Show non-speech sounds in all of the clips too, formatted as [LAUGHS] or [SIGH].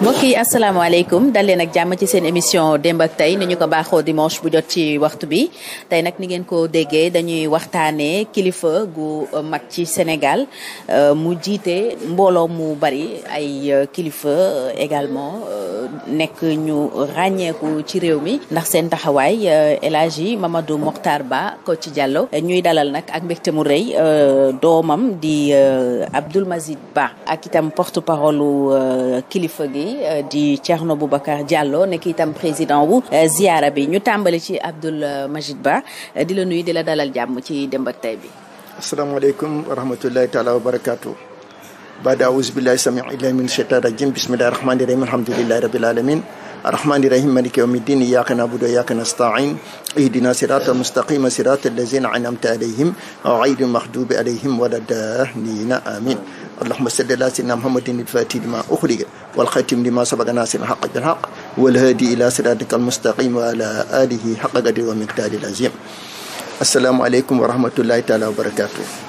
mbokk yi asalaamaaleykum dal leen ak jàmm ci seen émission démbak tey ni ñu ko baaxoo dimanche bu jot ci waxtu bi tey nag ni ngeen ko déggee dañuy waxtaanee kilifa gu mag ci Sénégal euh, mu jiite mbooloo mu bari ay euh, kilifa euh, également nekk ñu ràññeeku ci réew mi ndax seen taxawaay El Hadji Mamadou moxtar Ba ko ci Diallo ñuy dalal nag ak mbégte mu rëy doomam di Abdoul Mazid Ba ak itam porte-parole kilifa gi. bi euh, di Thierno Boubacar Diallo nekk itam président wu euh, ziara bi ñu tàmbali ci Abdoul euh, Majid Ba di la nuy di la dalal jàmm ci Demb ak Tay bi asalaamaaleykum wa rahmatullahi taala wa barakaatu baada awuzu billahi samii illah min shaitan rajim bismillahi rahmani rahim alhamdulillahi rabbil alamin الرحمن الرحيم مالك يوم الدين إياك نعبد وإياك نستعين اهدنا صراط المستقيم صراط الذين أنعمت عليهم غير المغضوب عليهم ولا الضالين آمين اللهم صل على سيدنا محمد الفاتح لما أخرج والخاتم لما سبق ناصر حق بالحق والهادي إلى صراطك المستقيم وعلى آله حق قدر ومقدار العظيم السلام عليكم ورحمة الله تعالى وبركاته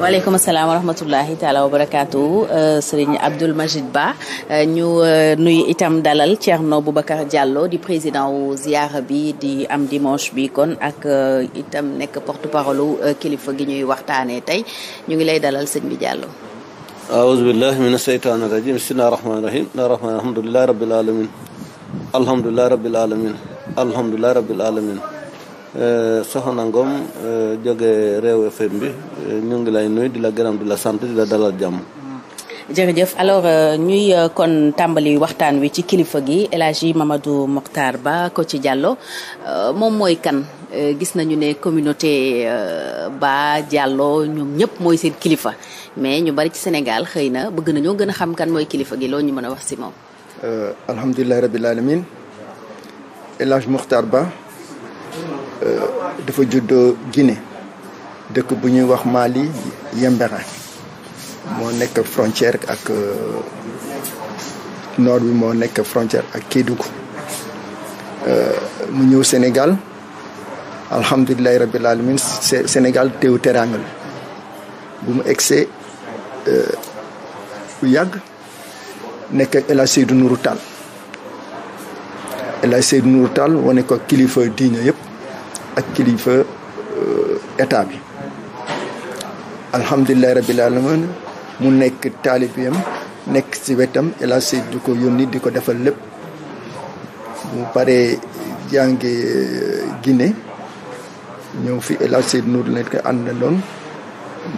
waaleykum salaam wa rahmatullahi taala wa barakaatu euh, sëriñ Abdoul Majid Ba euh, ñu euh, nuyu itam dalal Thierno Boubacar Diallo di président wu ziara bi di am dimanche bi kon ak itam nekk porte parole kilifa gi ñuy waxtaanee tey ñu ngi lay dalal sëñ bi Diallo. aouzu billahi min asheytaani rajim bismillahi rahmaani rahim la rahmaani alhamdulilahi rabbil alamin alhamdulilahi alamin alhamdulilahi rabbil alamin Euh, Soxna Ngom euh, jóge réew FM bi euh, ñu ngi lay nuyu di la gërëm di la sant di la dalal jàmm. jërëjëf alors ñuy kon tàmbali waxtaan wi ci kilifa gi El Hadji Mamadou Mokhtar Ba ci Diallo moom mooy kan gis nañu ne communauté Ba Diallo ñoom ñëpp mooy seen kilifa mais ñu bari ci Sénégal xëy na bëgg nañoo gën a xam kan mooy kilifa gi loolu ñu mën a wax si moom. alhamdulilah rabil aalamiin El Hadji Mokhtar Ba. Euh, dafa juddoo Guinée dëkk bu ñuy wax Mali Yembera moo nekk frontière ak euh, noor bi moo nekk frontière ak Kédougou euh, mu ñëw Sénégal alhamdulilahi rabbil alamin Sénégal teew teraanga la bu mu egsee bu yàgg nekk ak El Hadj Seydou Nourou Tall El Hadj wane ko kilifa diine yëpp ak kilifa euh, état bi alhamdulilahi rabbil alamin mu nekk taalibiyam nekk ci wetam El Hadj Seydou di ko yónni di ko defal lépp mu paree jànge euh, Guinée ñëw fi El Hadj Seydou Nour nekk àndaloon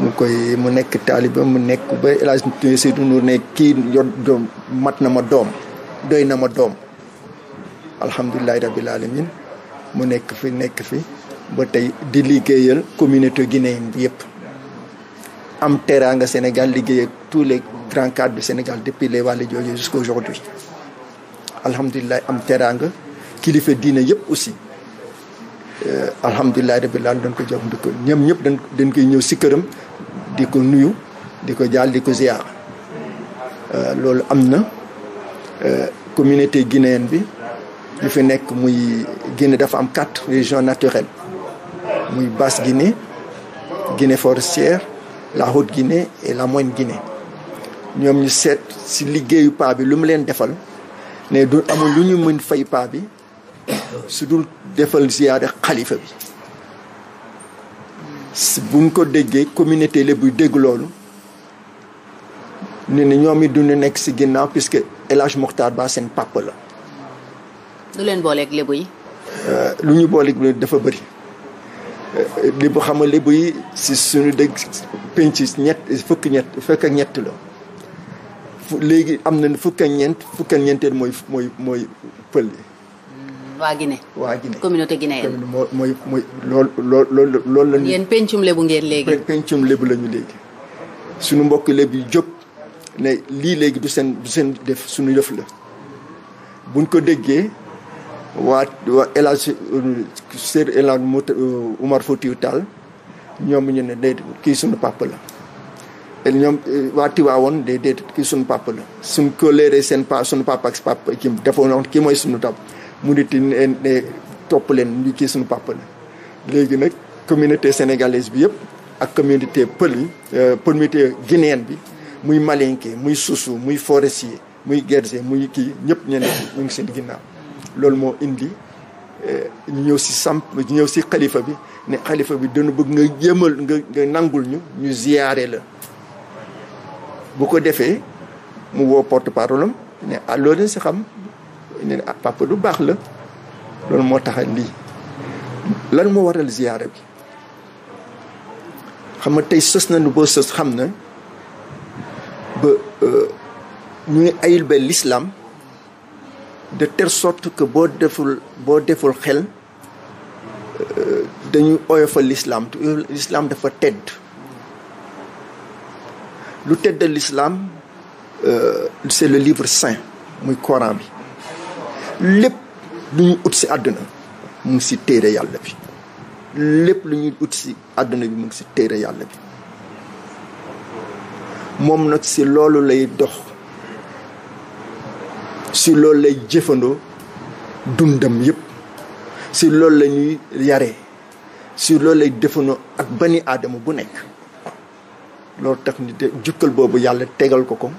mu koy mu nekk taaliba mu nekk ba El Hadj Seydou Nour ne kii yor doom mat na ma doom doy na ma doom alhamdulilahi rabbil alamin mu nekk fi nekk fi ba tey di liggéeyal communauté guinéenne bi yëpp am teraanga Sénégal liggéey ak tous les grands cadres du Sénégal depuis les Valdiodio jusqu'à aujourd'hui alhamdulilah am teraanga kilifa diine yëpp aussi euh, alhamdulilah rabbil laa dañ ko jox ndukkal ñoom ñëpp dañ dañ koy ñëw si këram di ko nuyu di ko jaal di ko euh, loolu am na euh, communauté guinéenne bi ñu fi nekk muy Guinée dafa am quatre régions naturelles muy Basse Guinée Guinée forestière la Haute Guinée et la Moyenne Guinée ñoom ñu seet si liggéeyu paa bi lu mu leen defal ne du amul lu ñu mën fay paa bi su dul defal ziyaare xalifa bi buñ ko déggee communauté la buy dégg loolu ne ni ñoom du duñu nekk si ginnaaw puisque élage Hadj Mokhtar seen papa la lu leen booleeg lébu yi. lu ñu booleeg lébu dafa bëri lébu xam a lébu yi si suñu dégg penc ñett fukk ñett fekk ak ñett la léegi am na fukk ak ñeent fukk ak ñeenteel mooy mooy mooy pël yi. Hmm, waa Guinée. waa Guinée communauté guinéenne. mooy mooy lool lool la ñu. yéen pencum lébu ngeen léegi. pencum lébu la ñu léegi. suñu mbokk lébu yu jóg ne lii léegi du seen du seen def suñu def la buñ ko déggee. waa waa El Hadj um, Sër El Hadj uh, Umar Foutiou Tall ñoom ñu ne déedéet kii suñu papa te ñoom uh, waa Tiwaawoon déedéet kii suñu papa suñ ko leeree seen pa suñu papa ak papa kii dafa noonu kii mooy suñu tab mu nit ne topp leen ñu kii suñu papa léegi nag communauté sénégalaise bi yëpp ak communauté pël yi uh, communauté guinéenne bi muy malinké muy suusu muy forestier muy guerrier muy kii ñëpp ñeneen ñu ngi seen ginnaaw. loolu moo indi eh, ñu ñëw si samp ñu ñëw si xalifa bi ne xalifa bi dana bëgg nga jëmal nga nga nangul ñu ñu ziyaare la bu ko defee mu woo porte parole am ah, loolu ah, baax la loolu moo tax lii lan moo waral ziyaare bi xam nga tey sës nañu boo sës xam na ba euh, ñuy ayil ba lislaam de telle sorte que boo deful boo deful xel euh, dañu oyofal l'islam l'islam dafa tedd lu teddal l'islam euh, c'est le livre saint muy Coran bi lépp lu ñuy ut si àdduna mu ngi si téere yàlla bi lépp lu ñuy ut si àdduna bi mu ngi si téere yàlla bi moom nag si loolu lay dox si loolu lay jëfandoo dundam yëpp si loolu lañuy yare si loolu lay jëfandoo ak bani aadama bu nekk loolu tax ni jukkal boobu yàlla tegal ko ko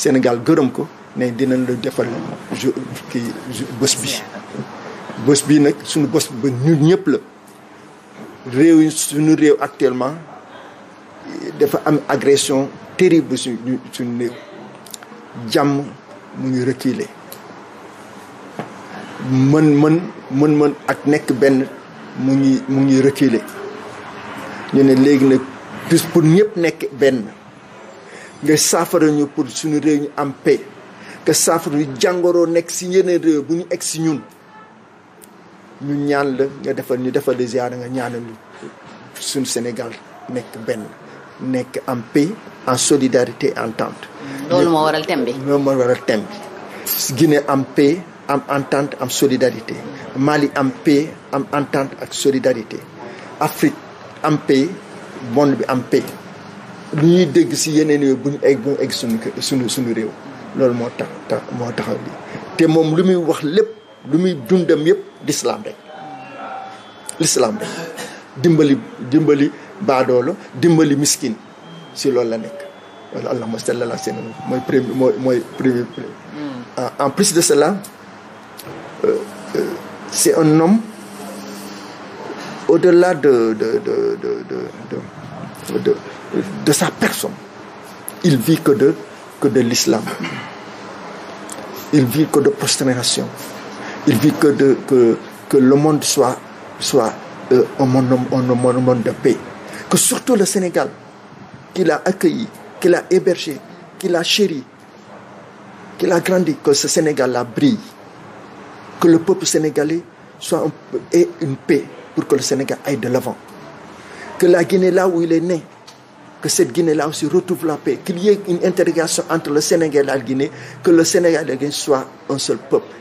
Sénégal gërëm ko ne dinañ la defal jo kii bés bi bés bi nag suñu bés ba ñun ñëpp la réew yi suñu réew actuellement dafa am agression terrible suñu suñu jàmm mu ngi reculer mën mën mën mën ak nekk benn mu ngi mu ngi reculer ñu ne léegi nag plus pour ñëpp nekk benn nga saafara ñu pour suñu réew ñu am paix nga saafara ñu jàngoroo nekk si yeneen réew bu ñu egg si ñun ñu ñaan la nga defal ñu defal la ziyaara nga ñaanal ñu suñu Sénégal nekk benn nekk en paix en solidarité entente. loolu moo waral thème bi. loolu moo waral thème bi. Guinée am paix am entente am solidarité Mali am paix am entente ak solidarité Afrique am paix monde bi am paix lu ñuy dégg si yeneen yooyu bu ñu egg bu ñu suñu réew loolu moo tax tax moo taxaw li te moom lu muy wax lépp lu muy dundam yëpp l'islam rek l'islam rek dimbali dimbali baadoolo dimbali miskin si loolu la nekk loolu allahumma salli ala sayyidina mooy premier mooy hmm. ah, en plus de cela euh, euh, c'est un homme au-delà de de de de de de de de sa personne il vit que de l'islam il vit que de prosternation il vit que de que le monde soit soit euh, un monde de paix que surtout le Sénégal qui l'a accueilli, qui l'a hébergé, qui l'a chéri, qui l'a grandi, que ce Sénégal-là brille, que le peuple sénégalais ait une paix pour que le Sénégal aille de l'avant. Que la Guinée là où il est né, que cette Guinée-là aussi retrouve la paix, qu'il y ait une intégration entre le Sénégal et la Guinée, que le Sénégal et la Guinée soient un seul peuple.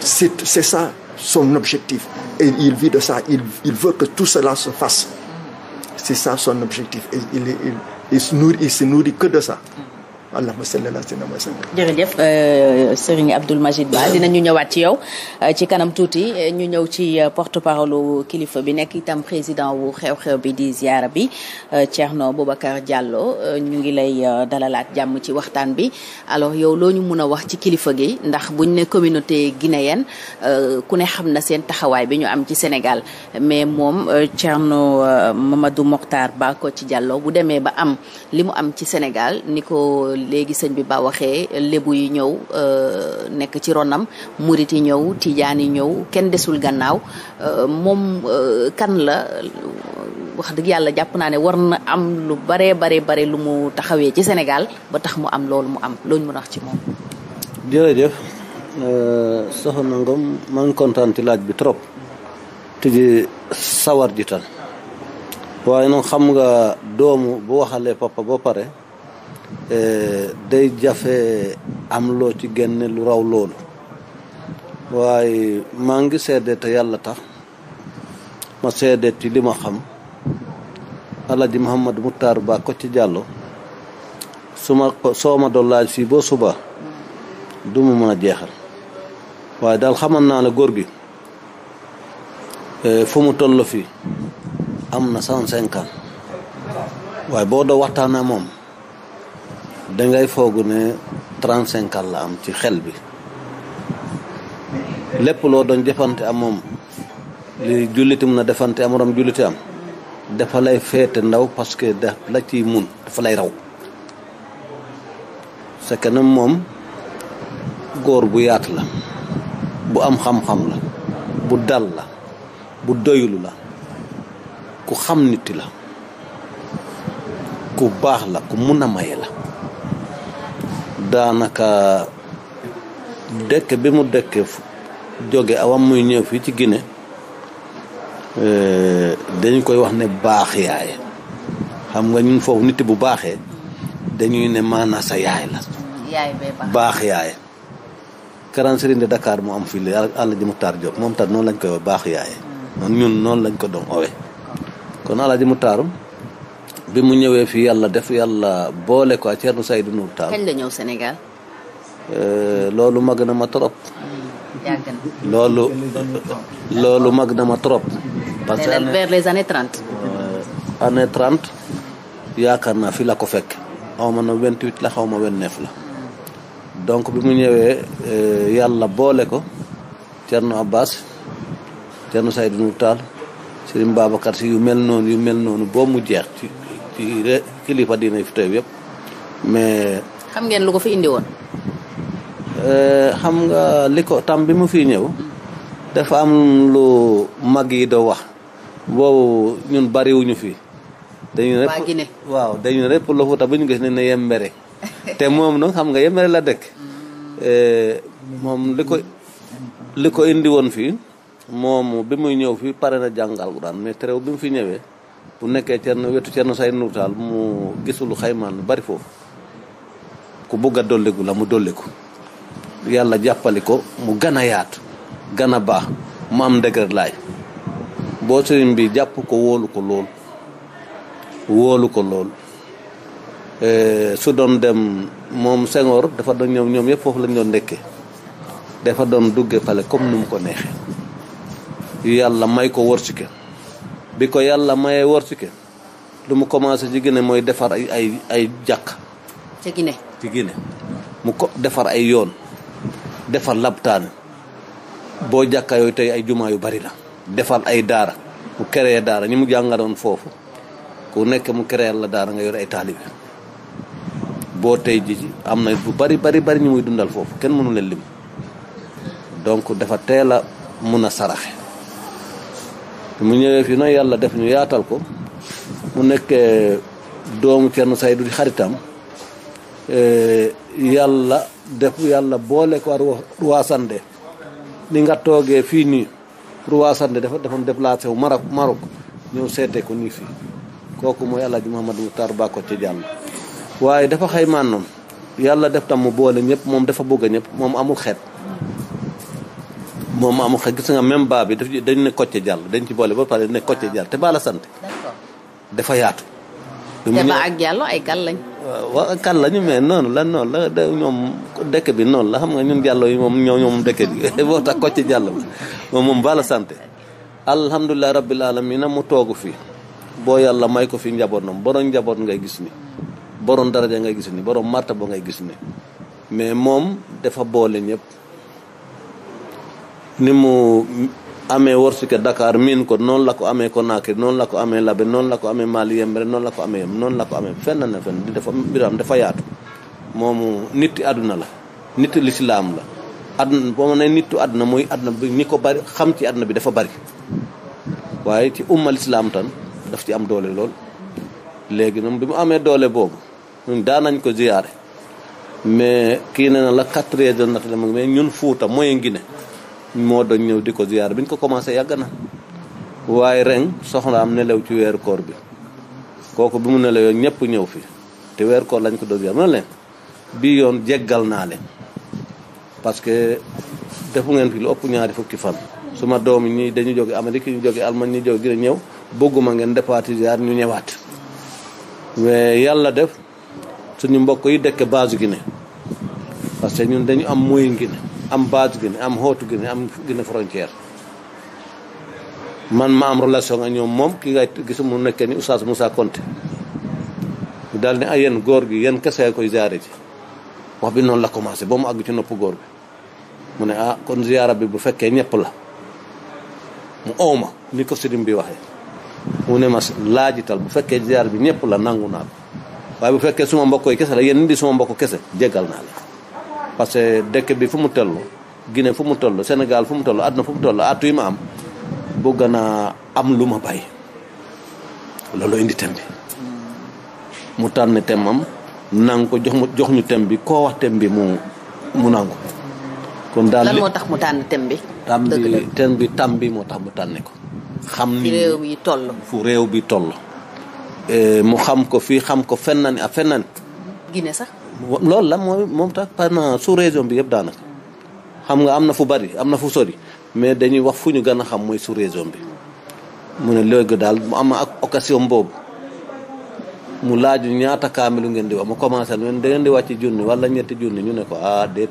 C'est ça son objectif. Et il vit de ça. Il, il veut que tout cela se fasse. C'est ça son objectif. Et il, il, il, se nourrit, il se nourrit que de ça. allahumma salli ala sayyidina Muhammad. jërëjëf euh, Serigne Abdoul Majid Ba ñu ñëwaat ci yow euh, ci kanam tuuti euh, ñu ñëw ci porte parole kilifa bi nekk itam président wu xew-xew bi di ziara bi Thierno Boubacar Diallo ñu ngi lay dalalaat jàmm ci waxtaan bi alors yow loo ñu mun a wax ci kilifa gi ndax buñ ne communauté guinéenne ku ne xam na seen taxawaay bi ñu am ci Sénégal mais moom Thierno Mamadou Mokhtar Ba ko ci Diallo bu demee ba am li mu am ci Sénégal ni ko. léegi sëñ bi ba waxee lébu yi ñëw euh, nekk ci ronam murit ñëw tijaan yi ñëw kenn desul gannaaw euh, moom euh, kan la wax dëgg yàlla jàpp naa ne war na am lu baree bare bare lu mu taxawee ci Sénégal ba tax mu am loolu mu am looñu mën a ci moom jërëjëf soxna Ngom maa ngi kontaan ci laaj bi trop te sawar di tan waaye nag xam nga doomu bu waxalee papa ba pare Euh, day jafe am loo ci génne lu raw loolu waaye maa ngi seede te yàlla tax ma seede ci li ma xam Alaaji Mouhamed Moutar Ba ko ci jàllo su ma ko soo ma doon laaj fii boo suba du mu mën a jeexal waaye daal xamal naa ne góor gi euh, fu mu toll fii am na cent cinquante waaye boo doo waxtaan moom dangay foogu ne trente cinq la am ci xel bi lépp loo doon defante am moom li mun a defante am jullite am dafa lay féete ndaw parce que daf la ciy mun dafa lay raw sa kanam moom góor bu yaat la bu am xam-xam la bu dal la bu doylu la ku xam nit la ku baax la ku mun a maye la daanaka dëkk bi mu dëkk jóge awam muy ñëw fii ci Guinée eh, dañ koy wax ne baax yaay xam nga ñun foofu nit bu baaxee dañuy ne maanaa sa yaay la baax yaay karan sëriñ de Dakar mu am fii la àlla ji Muxtaar moom tam noonu lañ koy wax baax yaay hmm. ñun noonu lañ ko doon owe kon àlla ji Muxtaarum bi mu ñëwee fi yàlla def yàlla boole ko Thierno Seydou Nour Tall. kañ la ñëw Sénégal. Euh, loolu mag na ma trop. Mm-hmm. yàgg na loolu. loolu mag na ma trop. parce que année vers les euh, yaakaar naa fi la ko fekk. xaw ma na vingt la xaw ma vingt neuf la. donc bi mu ñëwee euh, yàlla boole ko Thierno Abbas Thierno Seydou Nour Tall Serigne Babacar si yu mel noonu yu mel noonu boo mu jeex ci. ci re kilifa diine fi teew yëpp mais. xam ngeen lu ko fi indi woon. Euh, xam nga li ko tam bi mu fi ñëw. dafa am lu mag yi doo wax. boobu ñun bariwuñu fi. dañu ne rek waaw dañu ne rek bu ñu gis ne ne yembere te moom nag xam nga yembere la dëkk. Euh, moom li ko li ko indi woon fii moom bi muy ñëw fii pare na jàngal Alxuraan mais terew bi mu fi ñëwee. bu nekkee na wetu Thierno Saïd Nour Tall mu gisulu xaymaan lu bari foofu ku bugg a dolliku la mu dolliku yàlla jàppali ko mu gën a yaatu gën a baax mu am ndëgër laay boo sëriñ bi jàpp ko wóolu ko lool wóolu ko lool eh, su doon dem moom Senghor dafa doon ñoom ñoom yëpp foofu lañ doon ndekkee dafa doon dugge pale comme ni mu ko neexee yàlla may ko wërsëg bi ko yàlla mayee wartike lu mu commencé ci mooy defar ay ay ay jàkk ci Guinée mu ko defar ay yoon defar labtaan boo jàkka yooyu tey ay jumaa yu bari la defar ay daara mu créé daara ñi mu jàngaloon foofu ku nekk mu créé la daara nga yor ay taalibe boo tey ji am na bu bari bari bari ñu muy dundal foofu kenn mënu leen lim donc dafa teel a mun a saraxe mu ñëwee fii nag yàlla def ñu yaatal ko mu nekkee doomu Thierno Seydou di xaritam e, yàlla def yàlla boole ko Roi Sandé ni nga toogee fii nii Roi Sandé dafa dafa déplacé wu Maroc Maroc ñëw seetee ko nii fii kooku mooy El Hadj Mouhamadou Makhtar Ba Kotié Diallo waaye dafa xaymaan noonu yàlla def tam mu boole ñëpp moom dafa bëgg ñëpp moom amul xeet. moom amul xel gis nga même baa bi daf dañ ne kocce jàll dañ ci boole ba pare ne kocce jàll te baa sant. dafa yaatu. te ba ak jàll ay kal lañ. waaw ak kal lañu mais la noonu ñoom dëkk bi noonu la xam nga ñun jàll yi moom ñoo ñoom dëkk bi boo [LAUGHS] tax kocce jàll la moom moom baa la sant. alhamdulilah rabbil alamina mu toogu fi boo yàlla may ko fi njabootam borom njaboot ngay gis ni borom daraja ngay gis ni borom martaba ngay gis ni mais moom defa boole ñëpp. ni mu amee warsuke Dakar miin ko noonu la ko amee Conakry noonu la ko amee Labe noonu la ko amee Mali Yembre noonu la ko amee yem noonu ko amee fenn na fenn di dafa mbiram dafa yaatu moomu nitti àdduna la nitti lislaam la àdduna boo ma àdduna mooy àdduna bi ñi ko bari xam ci àdduna bi dafa bari waaye ci umma lislaam tan daf ci am doole lool léegi nag bi mu amee doole boobu ñun nañ ko ziyaare mais kii ne na la quatre heures de matin mais ñun Fuuta mooy Guinée moo doon ñëw di ko ziyaar bi ko commencé yàgg na waaye ren soxna am nelew ci weeru koor bi kooku bi mu nelewee ñëpp ñëw fi te weeru koor lañ ko doon ziyaar mën leen bii yoon jeggal naa leen parce que defu ngeen fi lu ëpp ñaari fukki fan suma doom yi ñi dañu jóge Amérique ñu jóge Allemagne ñu jóge gën a ñëw bëgguma ngeen defaati ziyaar ñu ñëwaat mais yàlla def suñu mbokk yi dëkk base Guinée parce que ñun dañu am moyen Guinée am baatu Guinée am xootu Guinée am Guinée frontière man ma am relation ak ñoom moom ki nga gis mu nekkee ni Oustaz Moussa Konté daal ne ay ah, yéen góor gi yéen kese koy ziare ci wax bi noonu la commencé boo mu àgg ci nopp góor bi mu ne ah kon ziara bi bu fekkee ñëpp la mu ow ma ni ko sëriñ bi waxee mu ne ma laajital bu fekkee ziara bi ñëpp la nangu naa ko waaye bu fekkee suma mbokk yi kese la yéen indi suma mbokk kese jéggal naa la parce que dëkk bi fu mu toll Guinée fu mu toll senegal fu mu toll àdduna fu mu toll at yi ma am am lu ma bay loolu indi bi mu tànn thème am nangu ko jox jox ñu thème bi koo wax thème bi mu mu nangu. kon daal moo tax mu tànn thème bi. thème bi thème bi moo tax mu tànne ko. xam ni réew bi fu réew bi toll. Eh, mu xam ko fii xam ko fenn ni ak sax. loolu la mooy moom tax pendant su région bi yëpp daanaka xam nga am na fu bari am na fu sori mais dañuy wax fu ñu gën a xam mooy su région bi mu ne léegi daal mu am ak occasion boobu mu laaj ñaata kaamilu ngeen di wax mu commencé da ngeen di wàcc junni wala ñetti junni ñu ne ko ah déet.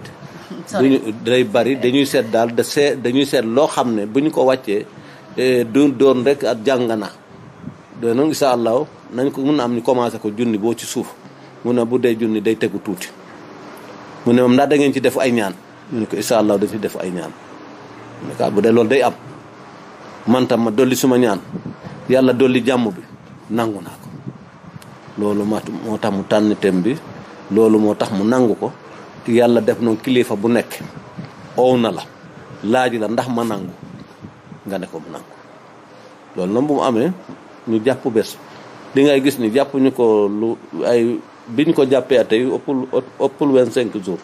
[LAUGHS] duñu day bari dañuy seet daal da see dañuy seet loo xam ne bu ñu ko wàccee eh, du doon rek ak jàng na. doy na incha nañ ko mun a am ñu commencé ko junni boo ci suuf. mu ne bu dee junni day tegu tuuti mu ne moom ndax da ngeen ci def ay ñaan ñu ne ko incha allah dañ ci def ay ñaan mu ne ah, bu dee loolu day am man tam ma dolli suma ñaan yàlla dolli jàmm bi nangu naa ko loolu ma moo tax mu tànn tem bi loolu moo tax mu nangu ko yàlla def noonu kilifa bu nekk ow na la laaj la ndax ma nangu nga ne ko mu nangu loolu nag bu mu amee ñu jàpp bés li ngay gis ni jàpp ñu ko lu ay biñ ko jàppee a tey ëppul ëppul vingt cinq jours.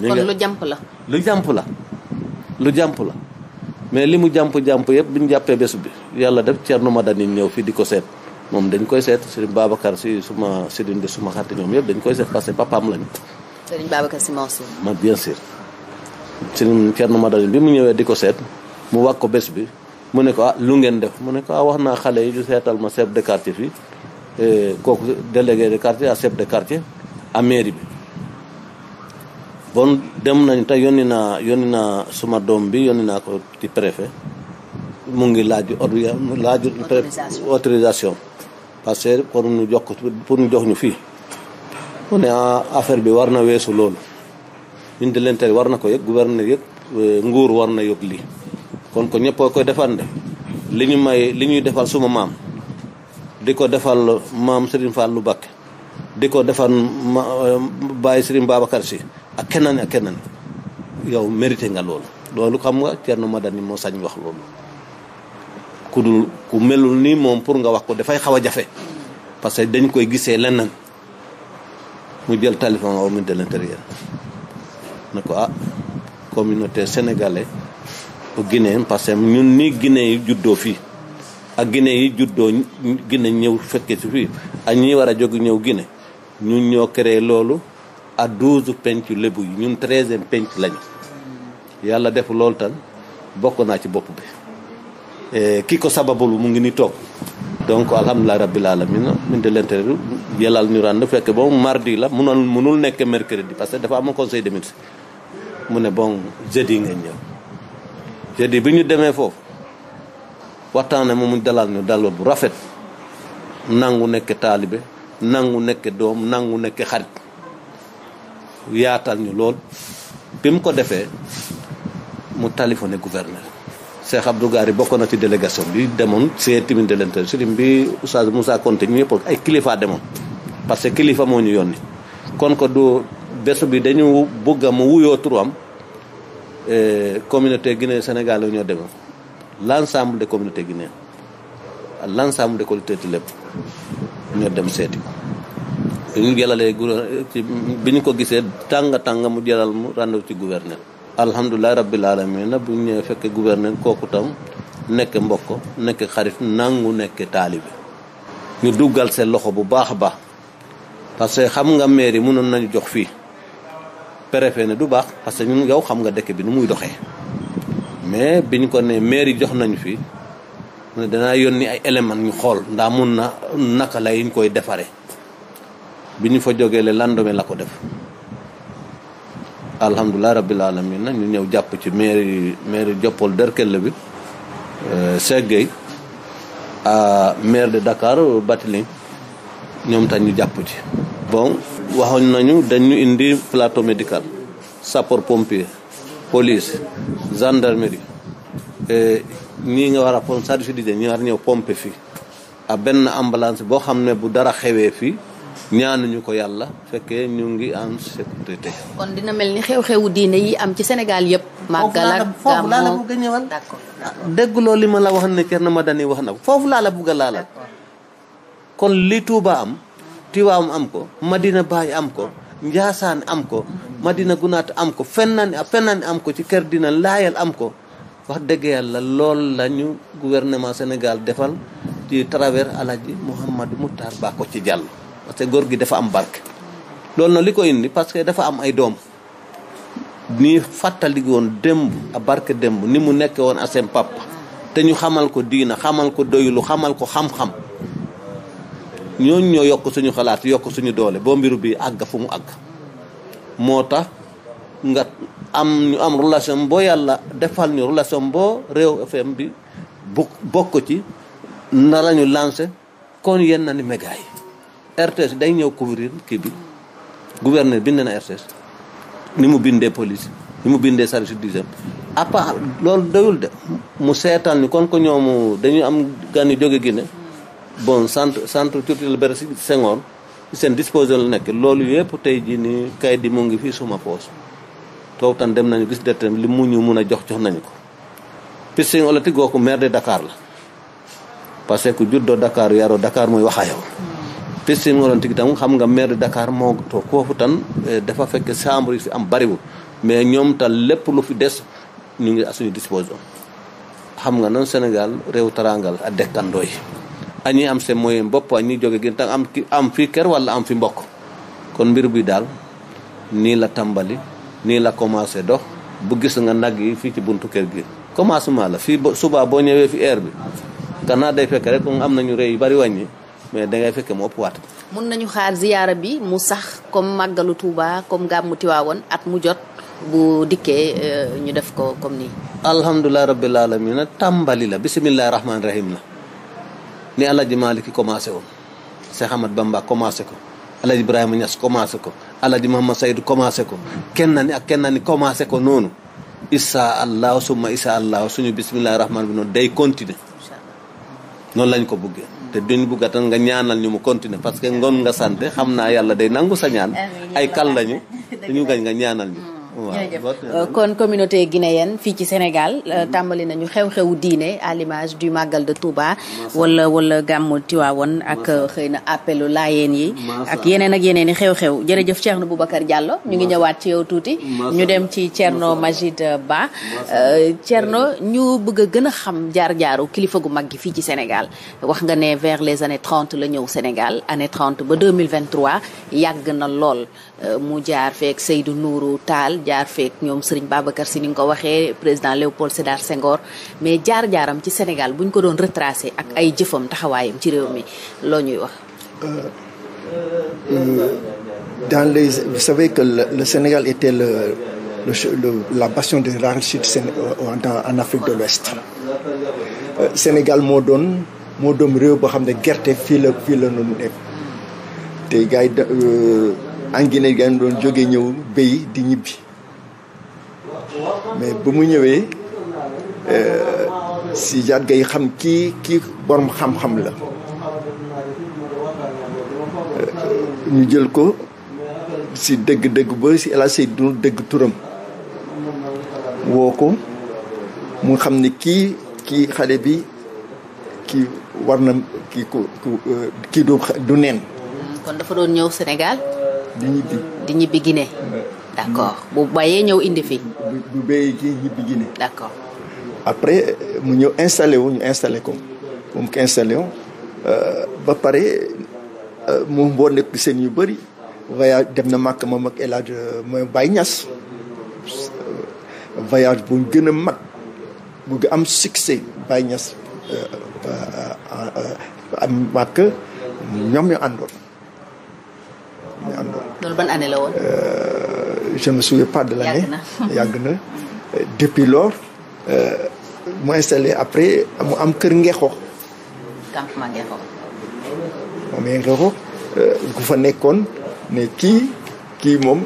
kon lu jàmp la. lu jàmp la lu jàmp la mais li mu jàmp jàmp yëpp ñu jàppee bés bi yàlla def ma Madani ñëw fii di ko seet moom dañ koy seet Serigne Babacar si suma Serigne bi suma xarit yëpp dañ koy seet parce que papaam lañu. Serigne Babacar Sy Mansour. ma bien sûr Serigne Thierno Madani bi mu ñëwee di ko seet mu wax ko bés bi mu ne ko ah lu ngeen def mu ne ko ah wax naa xale yi ñu seetal ma chef de quartier fii. Eh, kooku délégué de quartier à chef de quartier à mairie bi bon dem nañ te yónni naa yónni naa suma doom bi yónni naa ko ci préfet mu ngi laaj laaj autorisation parce que pour ñu jox pour ñu jox ñu fii mu ne ah, affaire bi war na weesu loolu ñun de l'intérieur war na ko yëg gouverneur yëg euh, nguur war na yëg lii kon ko ñëpp koy defande li ñu may li ñuy defal suma maam di ko defal maam Serigne lu Bakke di ko defal ma Baye Serigne Babacar si ak keneen ak keneen yow mérité nga loolu. loolu xam nga Thierno Madani moo sañ wax loolu ku ku melul nii moom pour nga wax ko dafay xaw a jafe parce que dañ koy gisee leneen mu jël téléphone au ministre de l'intérieur ne ko ah communauté sénégalaise bu Guinée parce que ñun nii Guinée juddoo fii. ak Guinée yi juddoo Guinée ñëw fekkee si fii ak ñi war a jóg ñëw gine ñun ñoo créé loolu à douze penc lébu yi ñun treizième penc lañu yàlla def loolu tan bokk naa ci bopp bi kii ko sababul mu ngi ni toog donc alhamdulilah rabbil laa min de l'intérieur yàllaal ñu rànd fekk bon mardi la munoon munul nekk mercredi parce que dafa am conseil de ministre mu ne bon jeudi nga ñëw jeudi bi ñu demee foofu waxtaane mu dalal ñu dalal bu rafet nangu nekk taalibe nangu nekk doom nangu nekk xarit yaatal ñu lool bi mu ko defee mu téléphoné gouverneur Cheikh Abdou Gari bokk na ci délégation bi demoon c'est timide de l'intérieur sëriñ bi Oustaz Moussa Konté ñu ay kilifaa demoon parce que kilifa moo ñu yónni kon ko du bés bi dañu bëgg mu wuyoo turam eh, communauté Guinée Sénégal la ñoo demoon l'ensemble des communautés guinéennes ak l'ensemble des collectivités lépp ñoo dem seeti bi ñu jëlalee ci bi ñu ko gisee tàng tàng mu jëlal mu rendez-vous ci gouverneur alhamdulilah rabbil alamin bu ñu ñëwee fekkee gouverneur kooku tam nekk mbokk nekk xarit nangu nekk taalibe ñu duggal seen loxo bu baax a baax parce que xam nga mairie mënoon nañu jox fii préfet ne du baax parce que ñu yow xam nga dëkk bi nu muy doxee mais bi ñu ko ne maire yi jox nañu fi mu ne danaa yónni ay éléments ñu xool ndaa mun na naka lay ñu koy defaree bi ñu fa jógee le lendemain la ko def alhamdulilah rabbil alamin na ñu ñëw jàpp ci mairie mairie Diopoul Derklé bi euh, Cheikh Gueye maire de Dakar Batilin ñoom tam ñu jàpp ci bon waxoon nañu dañu indi plateau médical sapeur pompier police gendarmerie eh, ñii nga war a pompe service d'hygiène ñi war ñëw pompe benn ambulance boo xam ne bu dara xewee fii ñaanuñu ko yàlla fekkee ñu ngi en sécurité. dina mel ni xew-xewu diine yi am ci Sénégal yëpp. màggal ak foofu laa la bugg a ñëwal d'accord li ma la wax ne Thierno Madani wax na foofu laa la bugg a laala kon li Touba am Tiwaawan am ko Madina Baay am ko Njaasaan am ko Madina Gunaat am ko fennaan fennaan am ko ci kër dina laayal am ko wax dëgg yàlla lool la ñu gouvernement Sénégal defal ci travers Alaaji Mouhamadou Moutar Ba ko ci jàll parce que góor gi dafa am barke loolu na li ko indi parce que dafa am ay doom ni fàttali woon démb a barke démb ni mu nekkee woon a seen papa te ñu xamal ko diina xamal ko doylu xamal ko xam-xam ñooñu ñoo yokk suñu xalaat yokk suñu doole boo mbiru bi àgg fu mu àgg moo tax nga am ñu am relation boo yàlla defal ñu relation boo réew FM bi bu ci na la ñu lancé kon yéen ni méga RTS day ñëw couvrir kii bi gouverneur bind na RTS ni mu bindee police ni mu bindee service d'hygiène à part loolu doyul de mu seetaan ni kon ko ñoomu dañu am gan yu jóge Guinée bon centre centre culturel Blaise Senghor seen disposal nekk loolu yëpp tey jii nii kayit yi mu ngi fii suma poos toog tan dem nañu gis DRTM li mu ñu mun a jox jox nañu ko piscine olympique gooku maire de dakaar la parce que juddoo Dakar yaroo Dakar muy wax a yow piscine olympique tam xam nga maire de Dakar moo toog foofu tan eh, dafa fekk chambre yi fi am bariwul mais ñoom tam lépp lu fi des ñu ngi à suñu disposition xam nga noonu Sénégal réew taraangal a dëkkandoo yi añi am seen moyen bopp añi jóge gën tam am am fii kër wala am fi mbokk kon mbir bi daal nii la tàmbali nii la commencé dox bu gis nga nag yi fii ci buntu kër gi commencement la fii suba boo ñëwee fi air bi gannaaw day fekk rek am nañu rëy yu bari wàññi mais dangay fekke mu ëpp waat mun nañu xaar ziyaara bi mu sax comme màggalu Touba comme gàmmu Tiwaawoon at mu jot bu dikkee euh, ñu def ko comme nii alhamdulilah rabbil alamin tàmbali la bisimillahi rahmaani rahim la li Alaaji Maaliki commencé woon Cheikh Ahmad Bamba commencé ko Alaaji Ibrahima Niass commencé ko Alaaji ma Seydou commencé ko kenn na ni ak kenn ni commencé ko noonu issa allah summa isaa allah suñu bisimillahi rahman bi noonu day continuer noonu lañ ko bëggee te duñ bëgga tan nga ñaanal ñu mu continuer parce que ngoon nga sant xam naa yàlla day nangu sa ñaan ay kal lañu dañu gañ nga ñaanal ñu mm. Euh, kon communauté guinéenne fii ci Sénégal euh, mm. tàmbali nañu xew xew diine à du màggal de Touba wala wala gàmmu Tiwaawoon ak euh, xëy na appelu laayeen yi ak yeneen ak yeneen i xew-xew jërëjëf Thierno Boubacar Diallo ñu ngi ñëwaat ci yow tuuti ñu dem ci Thierno Magid Ba Thierno ñu bëgg a gën a xam jaar-jaaru kilifa gu mag gi fii ci Sénégal wax nga ne vers les années 30 la ñëw Sénégal année 30 ba 2023 yàgg na lool Euh, mu jaar feek Seydou Nourou taal jaar feek ñoom Serigne Babacar si ni nga ko waxee président Léopold Sédar sengoor mais jaar-jaaram ci Sénégal buñ ko doon retracé ak ay jëfam taxawaayam ci réew mi loo ñuy wax. Euh, les vous le, Sénégal était le, de l'enrichissement euh, en, en Afrique de l'Ouest moo doon moo réew boo xam ne gerte fii la noonu nekk te gars yi Guinée gan doon jóge ñëw béy di ñibbi mais ba mu ñëwee euh, si jaat gay xam kii kii borom xam-xam la euh, ñu jël ko si dëgg-dëgg ba si El Hadj dëgg turam woo ko mu xam ne kii kii xale bi kii war na kii ku euh, du du neen kon dafa doon ñëw Sénégal di ñibbi di ñibbi Guinée. d'accord mm. bu bayee ñëw indi fi. bu bu bayee kii ñibbi Guinée. d'accord après mu ñëw installé wu ñu ko moom ko installé euh, ba pare euh, moom boo nekk seen yu bëri voyage dem na màkk moom ak El euh, mooy Baye Niass voyage bu gën a mag bu am succès bay ñas am màkk ñoom ñu àndoon. ñu àndoon. loolu euh, je me souviens pas de l' année. [LAUGHS] yàgg na depuis lors euh, mu installé après mu am kër Ngexo. campement Ngexo. moom yaa euh, ku fa nekkoon ne kii kii moom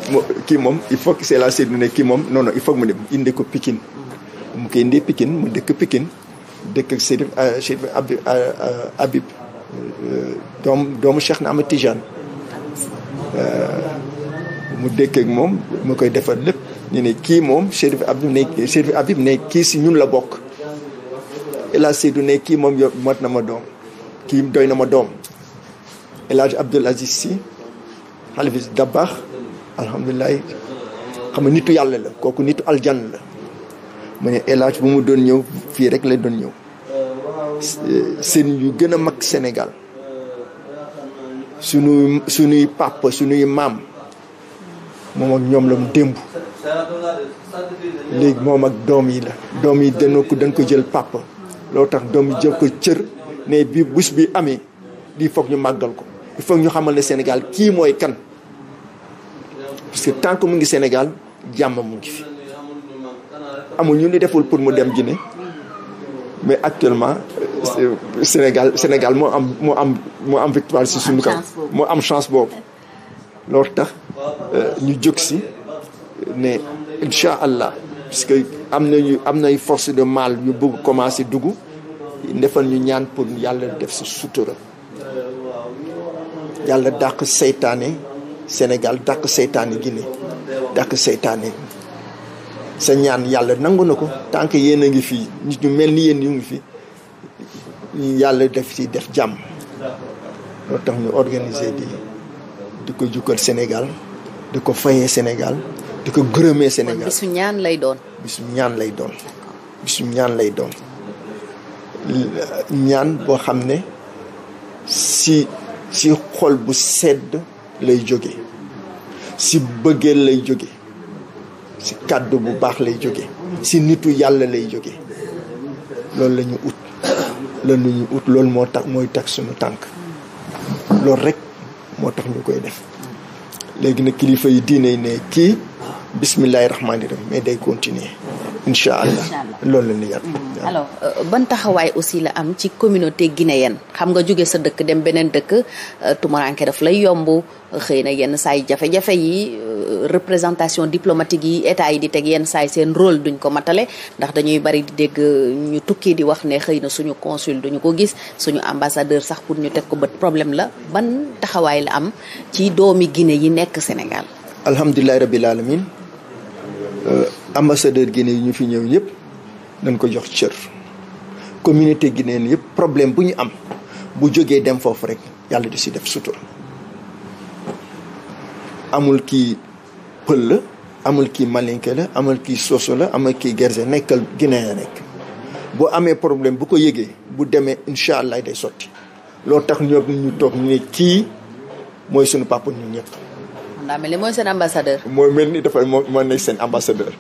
kii moom il faut que c'est la séddu ne kii moom noonu il faut que mu dem indi ko Pikine. mu koy indi pikin mu dëkk Pikine dëkk Chérif Abib Abib doomu doomu Cheikh na Ahmed Tidiane. Euh, mu dëkkeek moom mu koy defar lépp ñu ne kii moom Chérif Abdou ne Chérif Habib ne kii si ñun la bokk El Hadj ne kii moom mat na ma doom kii doy na ma doom El Hadj Abdoul si Sy xalifis Dabakh alhamdulilah xam nga nitu yàlla la kooku nitu aljan la mu ne El bu mu doon ñëw fii rek la doon ñëw seen euh, yu gën a mag Sénégal suñuy suñuy papa suñuy maam moom ak ñoom la mu démb léegi moom ak doom yi la doom yi dana ko dañ ko jël papa loo tax doom yi jël ko cër ne bi bus bi amee di foog ñu màggal ko il ñu xamal ne Sénégal kii mooy kan parce que tant que mu ngi senegal jàmm mu ngi fi amul ñu ni deful pour mu dem Guinée mais actuellement. Sénégal Sénégal moo am moo am moo am victoire si suñu kaw. moo am chance boobu. loolu tax euh, ñu jóg si ne incha allah puisque am nañu am na nay force de mal yu bëgg commencé dugg defal ñu ñaan pour yàlla def si sutura. yàlla dàq seytaane Sénégal dàq seytaane Guinée dàq seytaane. sa ñaan yàlla nangu na ko tant que yéen a ngi fii nit ñu mel ni yéen ñu ngi fi yàlla def ci def jàmm loolu tax ñu organiser di di ko jukkal Sénégal di ko fayee Sénégal di ko gërëmee Sénégal bisu ñaan lay doon bisu ñaan lay doon bisu ñaan lay doon ñaan boo xam ne si si xol bu sedd lay jóge si bëggeel lay jóge si kàddu bu baax lay jóge si nitu yàlla lay jóge loolu la ut loolu la ñu ut loolu moo tax mooy tax suñu tànk loolu rek moo tax ñu koy def léegi nag kilifa yi diine ne kii bismillahi rahmaani rahim mais day continuer incha allah loolu la ñu yàgg mm. euh, ban taxawaay aussi la am ci communauté guinéenne xam nga jóge sa dëkk dem beneen dëkk euh, tumaranke daf lay yomb xëy na yenn saa yi jafe-jafe yi euh, représentation diplomatique yi état yi di teg yenn saay seen rôle duñ ko matale ndax dañuy bari di dégg ñu tukki di wax ne xëy na suñu consul duñu ko gis suñu ambassadeur sax pour ñu teg ko bët problème la ban taxawaay la am ci doomi Guinée yi nekk Sénégal ambassadeur Guinée yi ñu fi ñëw ñëpp nañ ko jox cër communauté guinéenne yëpp problème bu ñu am bu jógee dem foofu rek yàlla di si def sutura amul kii pël la amul kii malinke la amul kii soso la amul kii gerse nekkal guinéen rek boo amee problème bu ko yëgee bu demee incha allah day sotti loo tax ñoom ñu toog ñu ne kii mooy sunu papa ñun ñëpp. daa mel ni mooy seen ambassadeur. mooy mel ni dafa moo moo nekk seen ambassadeur.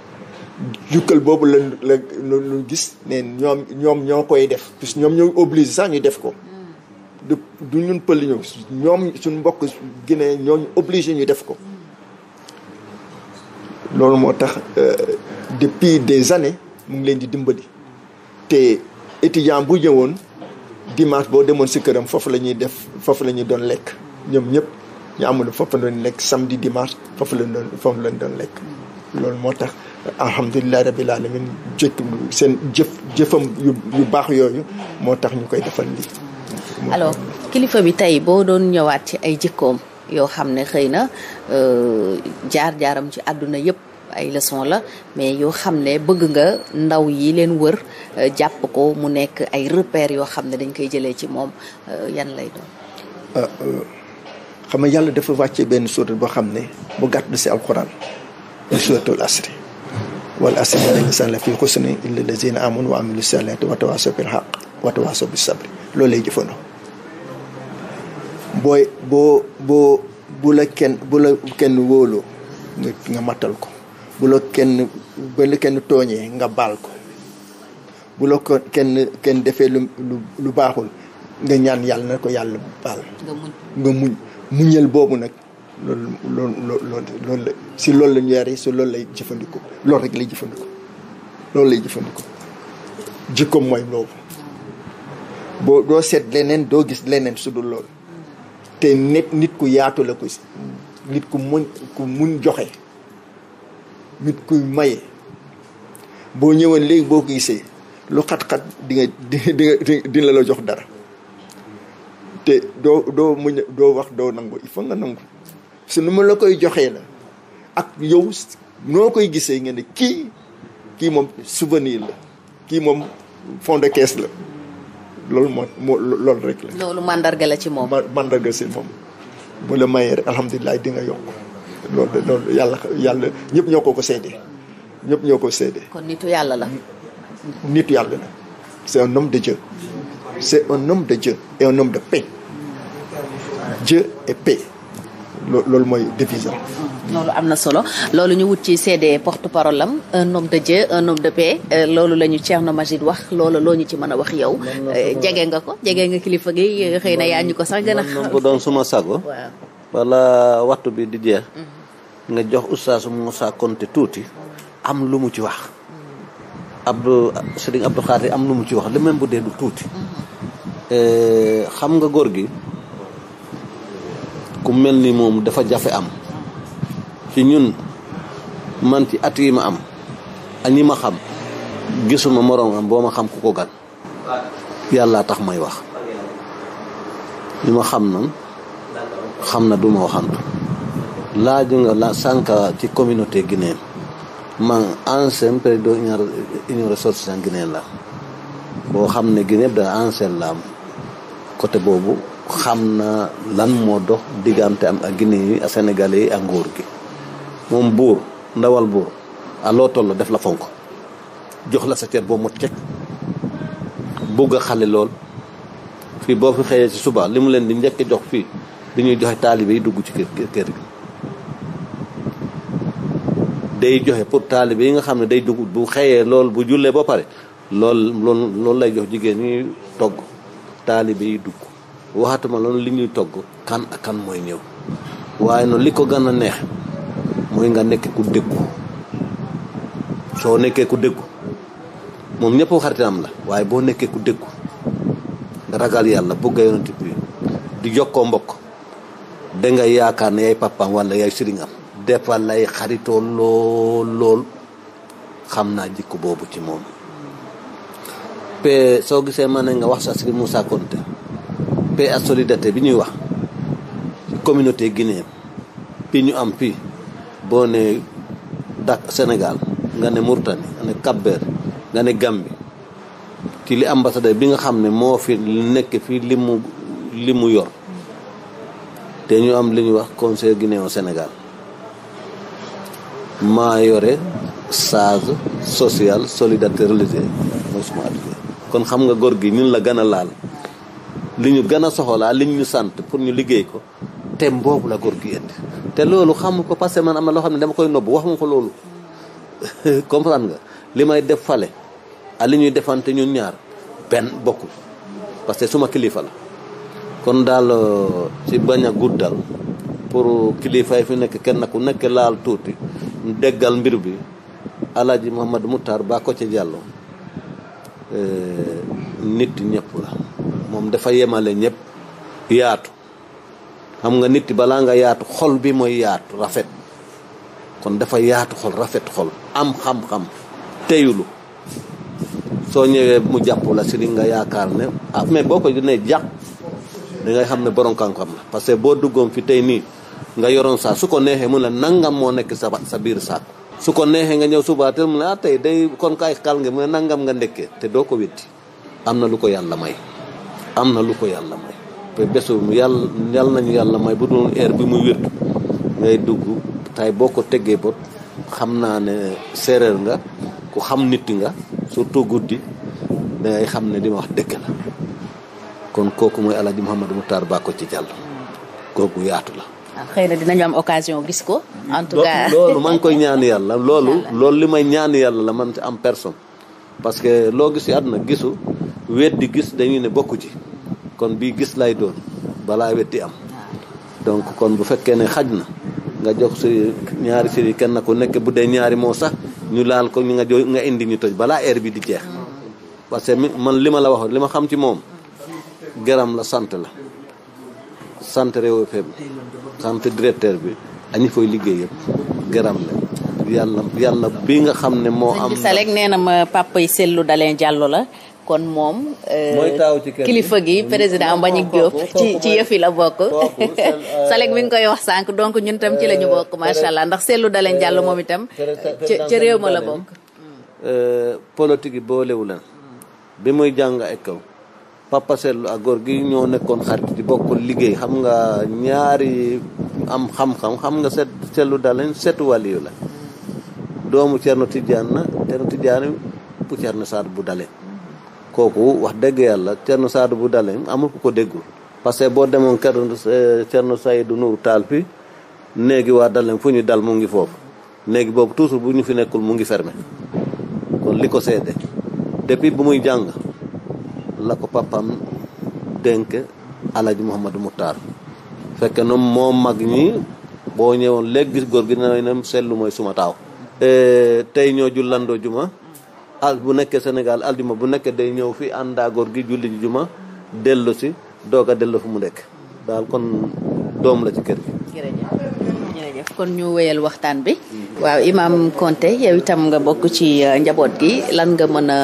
jukkal boobu la la lu gis ne ñoom ñoom ñoo koy def puisque ñoom ñoo obligé sax ñu def ko du du ñun pël ñëw ñoom suñ mbokk Guinée ñooñu obligé ñu def ko loolu moo tax euh, depuis des années mu ngi leen di dimbali te étudiant bu ñëwoon dimanche boo demoon si këram foofu la ñuy def foofu la ñuy doon lekk ñoom ñëpp ñu amul foofu la doon lekk samedi dimanche foofu la doon foofu la doon lekk loolu moo tax alhamdulilah rabbil alamin jëkk seen jëf jëfam yu baax yooyu moo tax ñu koy defal lii. alors kilifa bi tey boo doon ñëwaat ci ay jikkoom yoo xam ne xëy na euh, jaar-jaaram ci àdduna yëpp ay leçon la mais yoo xam ne bëgg nga ndaw yi leen wër euh, jàpp ko mu nekk ay repères yoo xam ne dañ koy jëlee ci moom euh, yan lay doon. xam nga yàlla dafa wàcce benn surat boo xam ne bu gàtt si alxuraan. suratul asri wal asr inna l-insaana la fii xusrin illa llaziina aamanu wa amilu saalihaati wa tawaasaw bil haqqi wa tawaasaw bis sabri loolu lay jëfandoo booy boo boo bu la kenn bu la kenn wóolu nga matal ko bu la kenn bu kenn tooñee nga baal ko bu la ko kenn kenn defee lu lu baaxul nga ñaan yàlla na ko yàlla baal nga muñ muñal boobu nag loolu loolu loolu loolu la si loolu la ñu yaree si loolu lay jëfandikoo lool lay jëfandikoo loolu lay jëfandikoo jikkoom mooy loolu boo doo seet leneen doo gis leneen su dul loolu te nit nit ku yaatu la ko si nit ku mun ku mun joxe nit kuy maye boo ñëwoon léegi boo gisee lu xat-xat di nga di dina la jox dara te doo doo muñ doo wax doo nangu il faut nga nangu su nu ma la koy joxee la ak yow noo koy gisee nga ne kii kii moom souvenir la kii moom fond de caisse la loolu moo moo loolu rek la. loolu mandarga la ci moom. mandarga si moom bu la mayee rek alhamdulilah di nga yokk loolu yàlla yàlla ñëpp ñoo ko ko séedee ñëpp ñoo ko séedee. kon nitu yàlla la. nitu yàlla la c'est un homme de Dieu. c'est un nom de Dieu et un homme de paix. Dieu et paix. loolu mooy devise loolu am na solo loolu ñu wut ci seede porte parole am un homme de Dieu un homme de paix euh, loolu lañu ñu Thierno Magid wax loolu loo ñu ci mën a wax yow. Euh, jege nga ko jege nga kilifa gi xëy na yaa ñu ko sax gën a. xam ko doon suma sago. waaw wala waxtu bi di jeex. Mm-hmm. nga tuuti. am lu mu ci wax. Mm-hmm. Abdou am lu mu ci wax le bu dee du tuuti. Mm-hmm. Euh, xam nga góor gi. ku mel ni moom dafa jafe am ci ñun man ci at yi ma am ak ñi ma xam gisuma moroom am boo ma xam ku ko gat yàlla tax may wax li ma xam nan xam na du ma waxantu laaj nga la sànka ci communauté guinéenne man ancien président union ressortissants guinéens la boo xam ne Guinée da ancien la am côté boobu xam na lan moo dox diggante am ak Guinée yi ak Sénégalais yi ak nguur gi moom buur ndawal buur a loo def la fonk jox la sa cër boo mot teg bugg a xale lool fii boo fi xëyee ci suba li mu leen di njëkk jox fii li ñuy joxe taalibe yi dugg ci kër kër gi day joxe pour taalibe yi nga xam ne day dugg bu xëyee lool bu jullee ba pare lool loolu lay jox jigéen ñi togg taalibe yi dugg waxatuma loolu li ñuy togg kan ak kan mooy ñëw waaye noonu li ko gën a neex mooy nga nekk ku déggu soo nekkee ku déggu moom ñëpp xaritam la waaye boo nekkee ku déggu nga ragal yàlla bëgg a yonent bi di jokkoo mbokk da nga yaakaar ne yaay papaam wala yaay sëriñam defal lay xaritoo lool lool xam naa jikko boobu ci moom. pe soo gisee man ne nga wax sa sëriñ Moussa Konté paix ak solidarité bi ñuy wax communauté guinéenne pi ñu am pi boo ne dak Sénégal nga ne Mauritanie nga ne cap nga ne Gambie ci li ambassadeur bi nga xam ne moo fi nekk fii li mu li mu yor te ñu am li ñuy wax conseil guinéen Sénégal maa yore saage social solidarité religieuse kon xam nga góor gi ñun la gën a laal li ñu gën a soxlaa li ñu sant pour ñu liggéey ko te boobu la góor gi te loolu xam ko parce que man am na loo xam ne dama koy nobb wax ma ko loolu [LAUGHS] comprendre nga li may def fale li ñuy defante ñun ñaar benn bokkul parce que suma kilifa kon daal euh, ci bañ a guddal pour kilifa yi fi nekk kenn ku nekk laal tuuti déggal mbir bi alaaji Mouhamadou Moutar baa ko ci Diallo euh, nit ñëpp la moom dafa yemale ñëpp yaatu xam nga nit balaa nga yaatu xol bi mooy yaatu rafet kon dafa yaatu xol rafet xol am xam-xam teyulu soo ñëwee mu jàpp la si li nga yaakaar ne ah mais boo ko ne jàpp da ngay xam ne borom xam-xam parce que boo duggoon fi tey nii nga yoroon saa su ko neexee mu ne nangam moo nekk sa sa biir saak su ko neexee nga ñëw suba te mu ne ah tey day kon kaay xal nga mu ne nangam nga ndekkee te doo ko witti am na lu ko yàlla may. am na lu ko yàlla may te bésu nañu yàlla may bu doon heure bi muy wérdu ngay dugg tay boo ko teggee bot xam naa ne séeréer nga ku xam nit nga surtout guddi dangay xam ne li ma wax dëgg la kon kooku mooy Alaaji Mouhamadou Makhtar Ba ko ci jàll kooku yaatu la ah, xëy na dinañu am occasion gis ko en tout loolu maa koy ñaan [LAUGHS] yàlla loolu loolu li may ñaan yàlla la man ci am personne parce que loo gis yi àdduna gisu weddi gis dañuy ne bokku ci kon bii gis lay doon balaa wetti am donc kon bu fekkee ne xaj na nga jox sëriñ ñaari sëriñ kenn na ko nekk bu dee ñaari moo sax ñu laal ko ñu nga jooy nga indi ñu toj balaa air bi di jeex parce que man li ma la wax li ma xam ci moom gërëm la sant la sant Rewmi FM sant directeur bi añi koy liggéey yëpp gërëm la yàlla yàlla bi nga xam ne moo am. Sëñ bi nee na ma Papa Cellou Dalein Diallo la. kon moom. Euh, mooy taaw ci kër kilifa gi président Mbagnick Diop ci ci yëfi la bokk. [LAUGHS] Euh, Salek mi ngi koy wax sànq donc ñun tam ci la ñu euh, bokk macha allah ndax seetlu daleen jàll moom itam. ci réew ma la bokk. politique yi boolewu leen. bi muy jàng ay kaw. Papa Sellu ak góor gi ñoo nekkoon xarit di bokk liggéey xam nga ñaari am xam-xam xam nga set Sellu daleen setu waliyu la. doomu Cerno Tijaan na Cerno Tijaan bu Cerno Saar bu daleen. kooku wax dëgg yàlla Thierno Saadu bu Dalem amul ko déggul parce que boo demoon kër eh, Thierno Saydou Nour Taal bi néegi waa Dalem fu ñu dal mu ngi foofu néegi boobu toujours bu ñu fi nekkul mu ngi fermé kon li ko seede depuis bu muy jàng la ko papam dénk alaji Mouhamadou Moutar fekk na moom mag ñi boo ñëwoon léegi gis góor gi ne ne seetlu mooy suma taaw eh, tey ñoo jullandoo juma al bu nekkee Sénégal aljuma bu nekkee day ñëw fi àndaagoor gi julli juma dellu si doog a dellu fu mu nekk daal kon doom la ci kër gi. kon ñu wéyal waxtaan bi. waaw Imam Konté yow itam nga bokk ci euh, njaboot gi lan nga mën a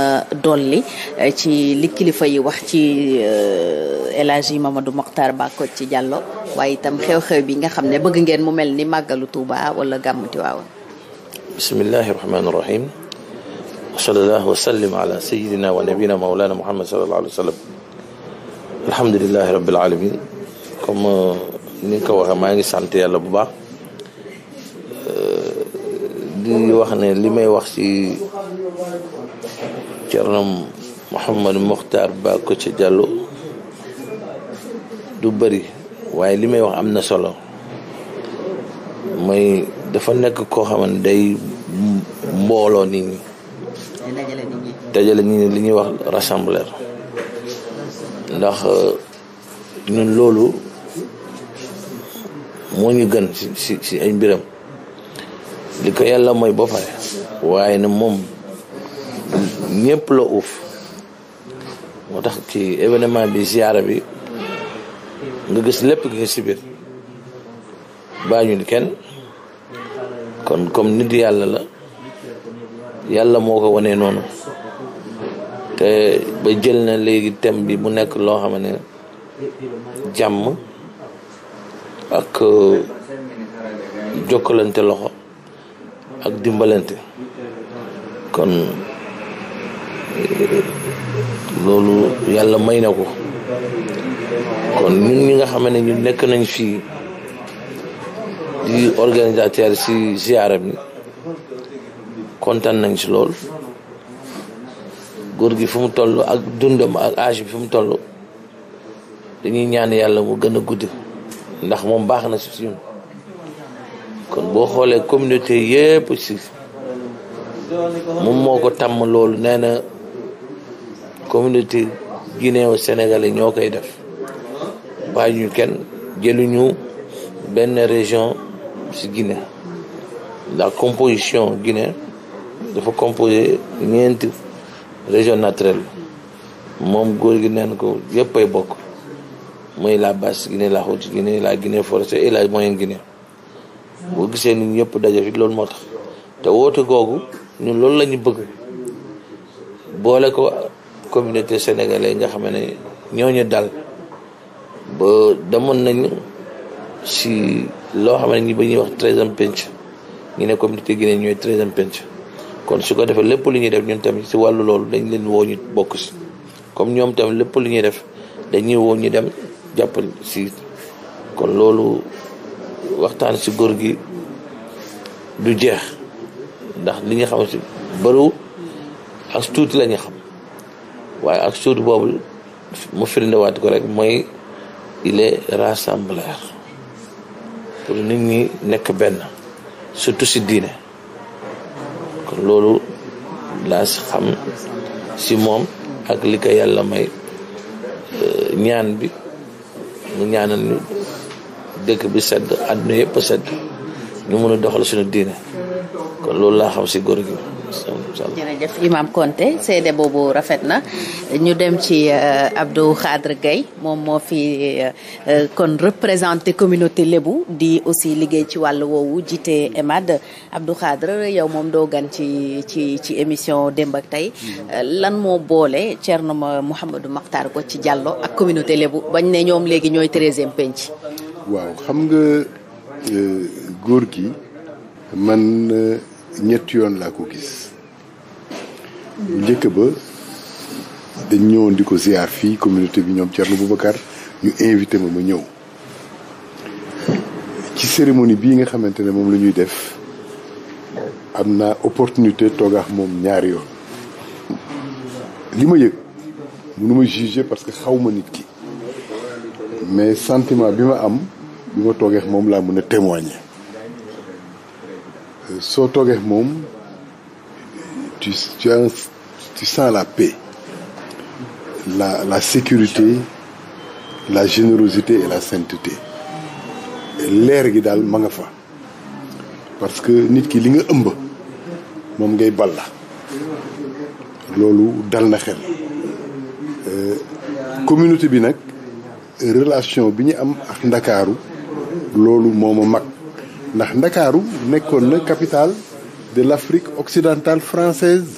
dolli euh, ci li kilifa yi wax ci euh, El Hadji Mamadou Mokhtar Bakko ci Diallo waaye itam xew-xew bi nga xam ne bëgg ngeen mu mel ni màggalu Touba wala gàmmu Tiwaawan. bismillahi rahmaani rahim. sallallahu wasallim ala sayidina wa nabina maulana muhammad sallallahu alayhi wa sallam alhamdulilahi rabbil alamin comme euh, ni nga ko waxee maa ngi sant yàlla bu baax euh, di wax ne li may wax ci cernom Mouhamad Mokhtar Ba ko ca Diallo du bëri waaye li may wax am na solo mooy dafa nekk koo xam ne day mbooloo nit dajale nit ñi li ñuy wax rassembler ndax euh, ñun loolu moo ñu gën ci ci ay mbiram li ko yàlla mooy ba pare waaye na moom ñëpp la uuf moo tax ki événement bi ziara bi nga gis lépp nga gis ci biir baa ñu kenn kon comme nit yàlla la yàlla moo ko wanee noonu te ba jël na léegi thème bi mu nekk loo xam ne jàmm ak euh, jokkalante loxo ak dimbalante kon euh, loolu yàlla may na ko kon ñun ñi nga xam ñu nekk nañ fii di organisateur si ziara bi kontaan nañ ci lool góor gi fu mu toll ak dundam ak âge fu mu toll dañuy ñaan yàlla mu gën a gudd ndax moom baax na si kon boo xoolee communauté yépp si moom moo ko tàmm loolu nee na communauté guinéo sénégalais ñoo koy def bàyyi ñu kenn jëluñu benn région si Guinée la composition Guinée dafa composé ñeenti région naturelle moom góor gi neen ko yëpp ay bokk mooy la basse Guinée la haute Guinée la Guinée forestière et la moyenne Guinée boo gisee ni ñëpp daje fi loolu moo tax te woote googu ñun loolu la bëgg boole ko communauté sénégalaise nga xam ne ñooñu dal ba demoon nañu si loo xam ne ñi ñuy wax treizième penc ñu ne communauté Guinée ñooy treizième penc kon su ko defee lépp lu ñuy def ñun tamit si wàllu loolu dañ leen woo ñu bokk si comme ñoom tamit lépp lu ñuy def dañuy woo ñu dem jàpp si kon loolu waxtaan si góor gi du jeex ndax li nga xam ci bëriwul ak tuuti la xam waaye ak tuuti boobu mu firndewaat ko rek mooy il est rassembleur pour nit ñi nekk benn surtout si diine loolu laa xam si moom ak li ko yàlla may euh, ñaan bi mu ñaanal dëkk bi sedd àdduna yëpp sedd ñu mën a doxal suñu diine kon loolu laa xam si góor gi jërëjëf Imam Konté seede boobu rafet na ñu dem ci euh, Abdou Khadre Gaye moom moo fi euh, kon représenté communauté lébu di aussi liggéey ci wàll woowu jite EMAD Abdou Khadre yow moom doo gan ci ci ci émission démb ak tey euh, lan moo boole Thierno Mouhamadou Makhtar ko ci Diallo ak communauté lébu bañ ne ñoom léegi ñooy treizième penc. waaw xam nga góor gi man ñett yoon laa ko gis. bu njëkk ba dañ ñëwoon di ko ziar fii communauté bi ñoom Thierno Boubacar ñu invité ma ma ñëw ci cérémonie bii nga xamante ne moom la ñuy def am na opportunité toogaax moom ñaari yoon li ma yëg mënu ma juger parce que xaw ma nit ki mais sentiment bi ma am bi ma toogeex moom laa mën a témoigner euh, soo toogeex moom tu tu tu sens la paix, la, la sécurité, la générosité et la sainteté. leer gi daal ma nga fa parce que nit ki li nga ëmba moom ngay balla loolu dal na xel euh, communauté bi nag relation bi ñu am ak ndakaaru loolu moo ma mag ndax ndakaaru nekkoon na capitale de l'Afrique occidentale française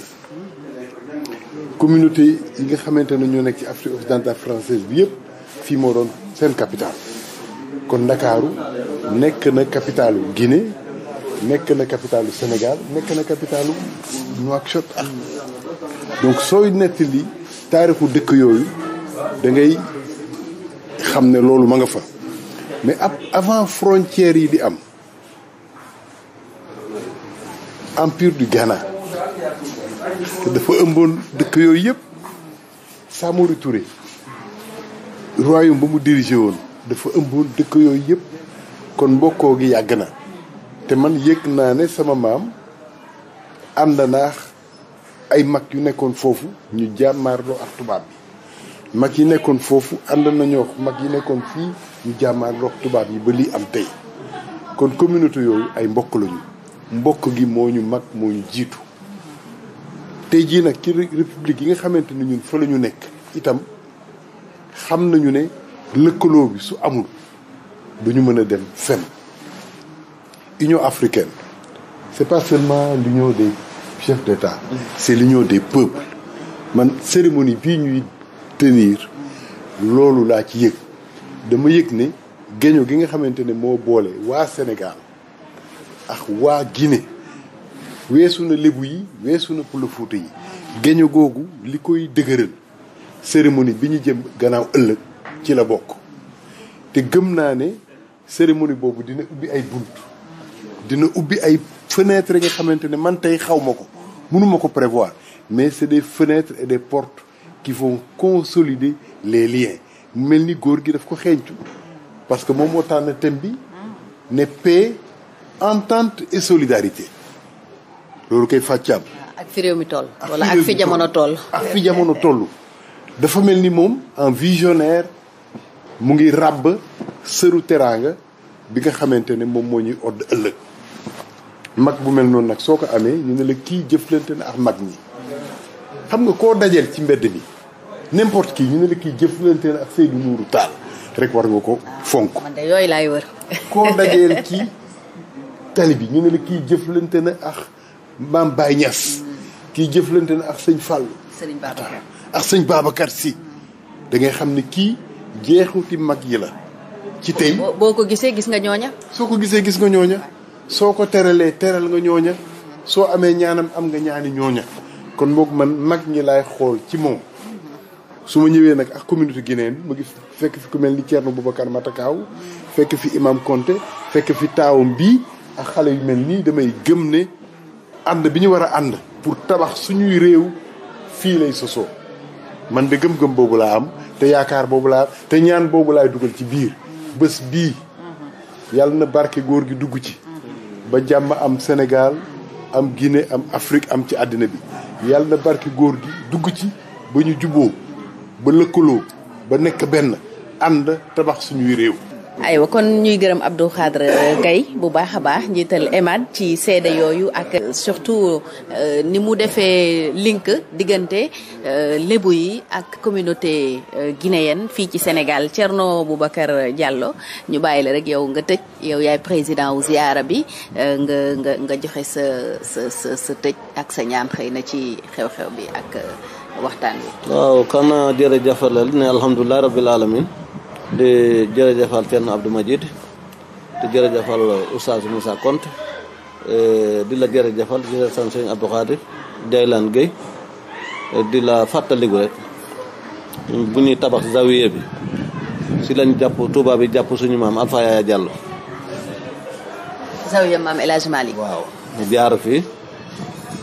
communauté yi nga xamante ne ñoo nekk ci Afrique occidentale française bi yëpp fii moo doon seen capitale kon ndakaaru nekk na capitalu Guinée nekk na capitalu Sénégal nekk na capitalu Nouakchott ak donc sooy nettali taarixu dëkk yooyu dangay xam ne loolu ma nga fa mais ab avant frontières yi di am empire du Ghana parce dafa ëmboon dëkk yooyu yëpp Samori Touré royaume ba mu dirigé woon dafa ëmboon dëkk yooyu yëpp kon mbokkoo gi yàgg na te man yëg naa ne sama maam ànd naax ay mag yu nekkoon foofu ñu jàmmaarloo ak tubaab bi mag yi nekkoon foofu ànd nañoo mag yi nekkoon fii ñu jàmmaarloo ak tubaab yi ba lii am tey kon communauté yooyu ay mbokk lañu mbokk gi moo ñu mag moo ñu jiitu tey jii nag ci république yi nga xamante ni ñun fa la ñu nekk itam xam nañu ne lëkkaloo bi su amul bu ñu mën a dem fenn union africaine c'est pas seulement l'union des chefs d'État c'est l'union des peuples man cérémonie bii ñuy tenir loolu laa ci yëg dama yëg ne géño gi nga xamante ne moo boole waa Sénégal ak waa Guinée weesu na lébu yi weesu na Pël Fuuta yi géño googu li koy dëgëral cérémonie bi ñu jëm gannaaw ëllëg ci la bokk te gëm naa ne cérémonie boobu dina ubbi ay bunt dina ubbi ay fenêtres nga xamante ne man tey xaw ma ko mënuma ko prévoir mais c'est des fenêtres et des portes qui vont consolider les liens mel ni góor gi daf ko xeeñcu parce que moom moo tànn thème bi ne paix entente et solidarité loolu koy fàccaam ak fi réew mi toll. wala ak fi jamono tool ak fi jamono toll dafa mel ni moom en visionnaire mu ngi ràbb sëru teraanga bi nga xamante ne moom moo ñuy odd ëllëg mag bu mel noonu nag soo ko amee ñu ne la kii jëflante na ak mag ñi xam nga koo dajeel ci mbedd mi n'importe qui ñu kii jëflante na ak Seydou rek war nga ko fonk. Ah, man de koo dajeel [LAUGHS] ci tali bi ñu ne la kii jëflante na ak. maam Baye Niass kii jëflante na ak sëñ Fall ah, ak sëñ Babacar si da ngay xam ne kii jeexuti mag yi la ci tey boo ko gisee gis nga ñooña soo ko gisee gis nga ñooña soo ko teralee teral nga ñooña soo amee ñaanam am nga ñaani ñooña kon boog man mag ñi laay xool ci moom su ma ñëwee nag ak communauté guinéenne ma gis fekk fi ku mel ni Thierno Boubacar Matakaaw fekk fi imam Konté fekk fi taawam bii ak xale yu mel nii damay gëm ne ànd bi ñu war a ànd pour tabax suñuy réew fii lay sosoo man de gëm-gëm boobu laa am te yaakaar boobu laa te ñaan boobu laay dugal ci biir bés bii yàlla na barki góor gi dugg ci ba jàmm am Sénégal am gine am Afrique am ci àddina bi yàlla na barki góor gi dugg ci ba ñu juboo ba lëkkaloo ba nekk benn ànd tabax suñuy réew aywa kon ñuy gërëm Abdou Khadre Gaye bu baax a baax njiital EMAD ci seede yooyu ak surtout euh, ni mu defee link diggante euh, lébu yi ak communauté euh, guinéenne fii ci Sénégal Thierno Boubacar Diallo ñu bàyyi la rek yow nga tëj yow yaay président wu ziara bi nga nga nga joxe sa sa sa tëj ak sa ñaan xëy na ci xew-xew bi ak waxtaan bi. waaw kana jërëjëfalal ne alhamdulilah rabbil alamin di jërëjëfal Thierno Abdou Majid di jërëjëfal Oustaz Moussa Konte eh, di la jërëjëfal di la sant sëñ Abdou Khadir Jaylaan Guèye eh, di la fàttaliku rek bu ñuy tabax zawiya bi si lañ jàpp Touba bi jàpp suñu maam Alpha Yaya Diallo. zawiya maam El Hadj Malick jaar fii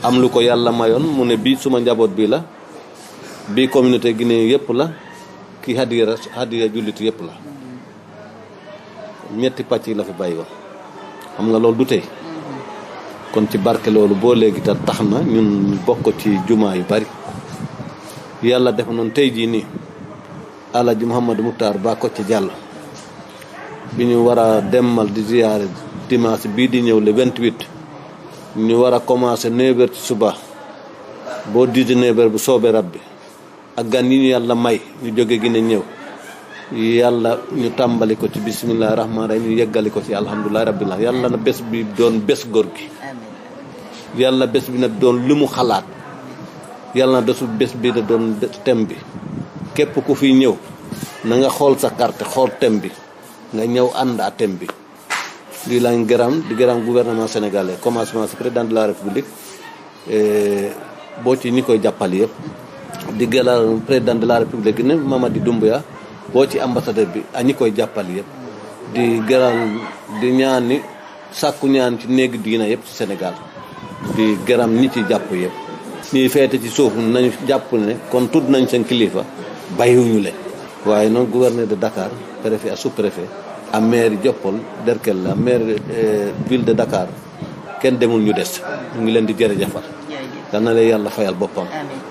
am lu ko yàlla mayoon mu ne bii suma njaboot bii la bi communauté Guinée yëpp la. kii hadiya hadiya jullit yëpp la ñetti pàcc yi la fi bàyyi woon xam nga loolu du tey kon ci barke loolu boo léegi te tax na ñun bokk ci jumaa yu bari yàlla def noonu tey jii nii alaji Mouhamadou baa ko ci Diallo bi ñu war a demal di ziyaare dimanche bii di ñëw le 28 ñu war a commencé 9h ci suba boo 19h bu soobee rab bi ak gan yi ñu yàlla may ñu jóge gi ne ñëw yàlla ñu tàmbali ko ci bisimilah rahmaani rahiim ñu yeggali ko ci alhamdulilah rabbil alamin yàlla na bés bi doon bés góor gi. yàlla bés bi na doon li mu xalaat yàlla na desu bés bi na doon thème bi képp ku fi ñëw na nga xool sa carte xool thème bi nga ñëw ànd ak tem bi. lii lañ gërëm di gërëm gouvernement sénégalais commencement président de la république eh, boo ci ñi koy jàppale yëpp. di gëlal président de la république di dumb Doumbouya boo ci ambassadeur bi ak ñi koy jàppale yëpp di gëral di ñaan ni sàkku ñaan ci néegi diina yëpp ci senegal di gëram ni ci jàpp yëpp ñuy feete ci suuf nañu jàpp ne kon tudd nañ seen kilifa bàyyiwuñu leen waaye noonu gouverneur de Dakar préfet ak sous-préfet ak maire Joppol Derkel la maire euh, ville de Dakar kenn demul ñu des mu ngi leen di jërëjëfal yal na leen yàlla fayal boppam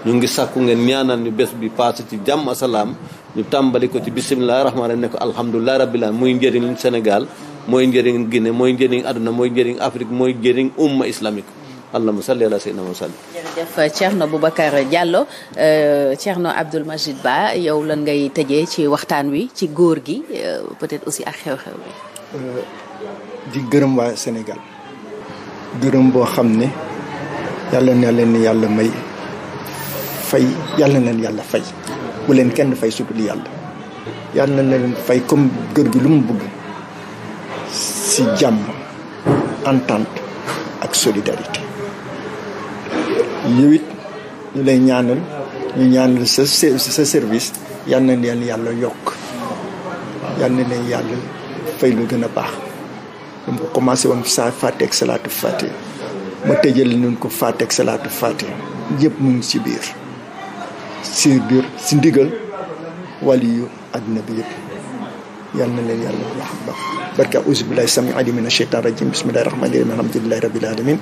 ñu ngi sàkku ngeen ñaanal ñu bés bi passé ci jàmm asalaam ñu tàmbali ko ci bisimilah rahmaan rahim ne ko alhamdulilah rabbil alamin muy njëriñ Sénégal mooy njëriñ Guinée mooy njëriñ àdduna mooy njëriñ Afrique mooy njëriñ umma islamique allahumma salli ala sayyidina Muhammad jërëjëf Thierno Boubacar Diallo euh, Thierno Abdoul Majid Ba yow lan ngay tëjee ci waxtaan wi ci góor gi euh, peut-être aussi ak xew-xew bi euh, di gërëm waa Sénégal gërëm boo xam ne yàlla na leen yàlla may fay yàlla na leen yàlla fay bu leen kenn fay su dul yàlla yàlla na leen fay comme kër gi lu mu bugg si jàmm entente ak solidarité yow it ñu lay ñaanal ñu ñaanal sa service yàlla na leen yàlla yokk yàlla na leen yàlla fay lu gën a baax dama ko commencé woon saa fàtte ak salaatu fàtte ma tëjal nun ko fàtteeg salaatu fàtte yëpp mu ngi ci biir si biir si ndigal wàllu yu àdduna bi yëpp yal na leen yàlla wax ba barka auzu billahi sami ali min asheytan rajim bismillahi rahmani rahim alhamdulillahi rabbil alamin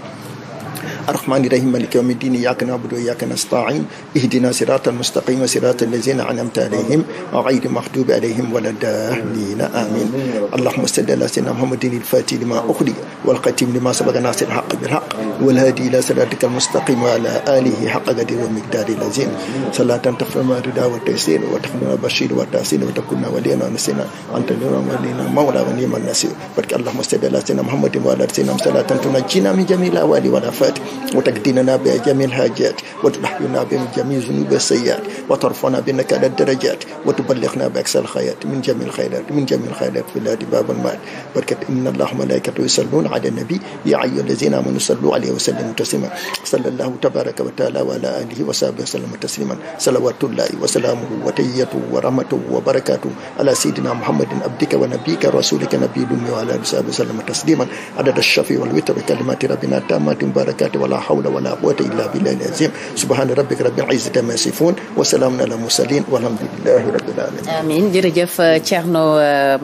arrahmaani rahiim maaliki yawmi diin iyyaaka na'budu wa iyyaaka nasta'iin ihdina siraatal mustaqiima siraatal laziina an'amta alayhim ghayri maghduubi alayhim wa lad-daalliin amiin allahumma salli alaa sayyidinaa muhammadin al-faatihi limaa ughliqa wal xaatimi limaa sabaqa naasiril haqqi bil haqqi wal haadii ilaa siraatikal mustaqiim wa alaa aalihi haqqa qadrihi wa miqdaarihi al-aziim salaatan tafhamu ridaa wa taysiir wa tahmilu bashiir wa tahsin wa takunna waliyyan wa nasiiran anta nurun wa dinun mawlaa wa ni'mal nasiir barke allahumma salli alaa sayyidinaa muhammadin wa alaa aalihi wa sahbihi salaatan tunajjiinaa min jamiil al-ahwaali wal aafaat وتقديننا بجميع الحاجات وتحينا بجميع ذنوب السيئات وترفعنا بانك على الدرجات وتبلغنا باكثر الخيرات من جميع الخيرات من جميع الخيرات في الله باب المال بركة ان الله وملائكته يصلون على النبي يا ايها الذين امنوا صلوا عليه وسلموا تسليما صلى الله تبارك وتعالى وعلى اله وصحبه وسلم تسليما صلوات الله وسلامه وتيته ورحمته وبركاته على سيدنا محمد عبدك ونبيك رسولك نبي الامي وعلى اله وصحبه وسلم تسليما عدد الشفي والوتر كلمات ربنا تامات بركاته ولا حول ولا قوة إلا بالله العظيم سبحان ربك رب العزة عما يصفون وسلام على المرسلين والحمد لله رب العالمين amiin jërëjëf Thierno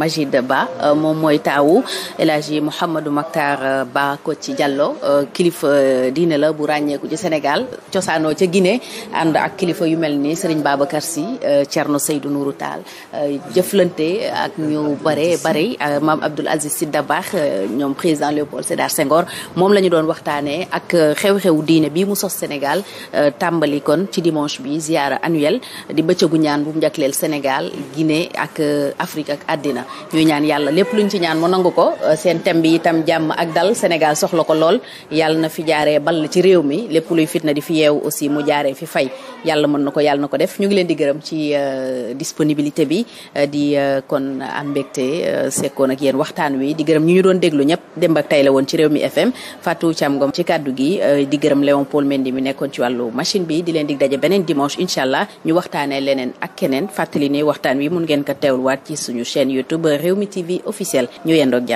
Magid Ba moom mooy taawu El Hadji Mouhamadou Makhtar Ba Kothi Diallo kilifa diine la bu ràññeeku ci Sénégal cosaanoo ca Guinée ànd ak kilifa yu mel ni Serigne Babacar Sy Thierno Seydou Nourou jëflante ak ñu bare bare maam Abdoul Aziz Sy Dabakh ñoom président Léopold Sédar Senghor moom la doon waxtaanee ak. xew-xew diine bi mu sos Sénégal euh, tàmbali kon ci dimanche bi ziara annuelle di bëccëgu ñaan bu mu jagleel Sénégal Guinée ak euh, Afrique ak àddina ñuy ñaan yàlla lépp luñ ci ñaan mu nangu ko euh, seen thème bi jàmm ak dal Sénégal soxla ko lool yàlla na fi jaaree ball ci réew mi lépp luy fitna di fi yeewu aussi mu jaaree fi fay yàlla mën na ko yàlla na ko def ñu ngi leen di gërëm ci disponibilité bi di kon am mbégte sekkoon ak yéen waxtaan wi di gërëm ñu doon déglu ñëpp démb ak tey la woon ci réew mi FM Fatou Thiam Ngom ci kàddu gi Euh, di gërëm Léon Paul Mendy mi nekkoon ci wàllu machine bi di leen dig daje beneen dimanche incha allah ñu waxtaanee leneen ak keneen fàttali waxtaan wi mun ngeen ko teewluwaat ci suñu chaîne YouTube Rewmi TV officiel ñu yendoog jàmm